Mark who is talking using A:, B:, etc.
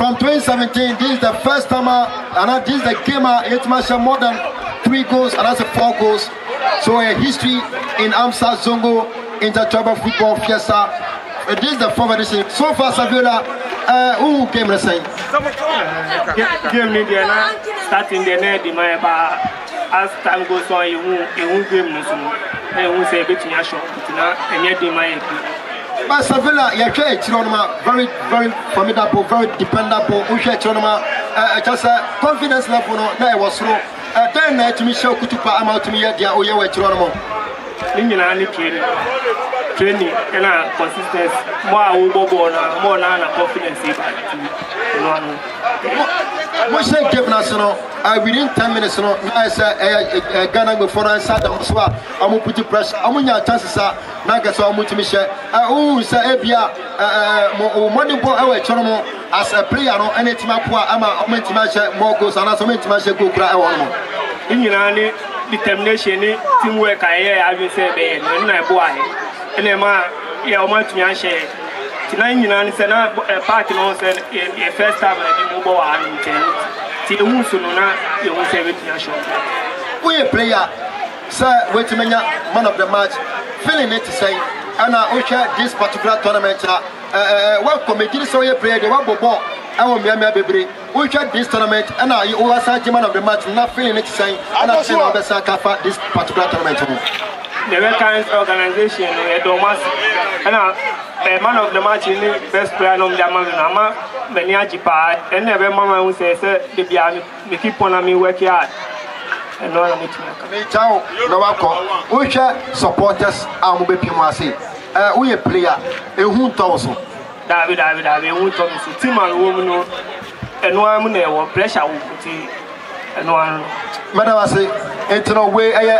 A: From 2017, this is the first time, I, uh, and this is the game I hit myself more than three goals and that's a four goals. So a history in Amsa Zongo Intertribal Football Fiesta. Uh, this is the fourth edition. So far, Savula, uh, who came the same?
B: Game in the end, starting the net, the my man, as time goes on, you e won't e game. You e won't say a bit your shop, but now, and yet, the my?
A: basa villa yɛhwɛ akyire no ma very very formidable very dependable wohwɛ akyire no ma ɛkyɛ sɛ confidence level no I was soro uh, Then, let uh, me show kutupa ama wotumi yɛ deɛ woyɛ Oh, yeah, no mɔ ne nyinaa ne training
B: training ɛna consistency mo a wobɔ bɔɔl na mo na na confidence yɛ e baati ɛno ano.
A: mo hyɛ game na so no a within ten minutes no na ayɛ sɛ ɛyɛ ghana gbɛfoɔ no nsa da mo so a ɔmo puti pressure ɔmo nya chances a na nkɛ sɛ ɔmo tumi hyɛ ɛ ohun sɛ ebi a ɛɛ mo mɔni bɔ ɛwɔ ɛkyɛn mo as a player no ɛna etimi apo a ama ɔmo etimi ahyɛ more goals anaasɛ ɔmo etimi ahyɛ goal kura ɛwɔ ɔmo.
B: ne nyinaa ne determination ne teamwork a ɛyɛ sɛ bɛyɛ no ɛno na ɛboa yɛ ɛna ɛma yɛ ɔmo atumi ahyɛ nti na nyinaa no sɛ na paaki no ho sɛ yɛ first time na ɛde mo bɔ wɔ ano nkyɛn nti ehu so no na yɛhu sɛ ɛbɛtumi ahyɛ ɔmo.
A: woyɛ player sɛ woatumi nya man of the match feeling ne ti sɛn ɛna wohwɛ this particular tournament uh, uh, uh, a ɛɛ wɔn sɛ woyɛ player deɛ wɔabɔ bɔɔl ɛwɔ mmeammea bebree wohwɛ this tournament ɛna wowasa gye man of the match na feeling ne te sɛn ɛna sɛ na wobɛsa ka fa this particular tournament ho
B: the current organization ɛdɔ ma se ɛna ɛ man of the match ne best player No de ama me no ama m'ani agye paa ɛnna ɛbɛma ma ho sɛ sɛ debi a mekeep on a me work hard ɛno ara metumi aka megya wo na woakɔ
A: wohwɛ supporters a
B: mobɛpie mu ase woyɛ player ɛhu ntɔ wo so daabi daabi daabi ewu tɔ mi so tim a ɛwɔ no ɛnoa mu na ɛwɔ pressure wɔ nti ɛnoa no. mɛdàbà se etina ɛyɛ.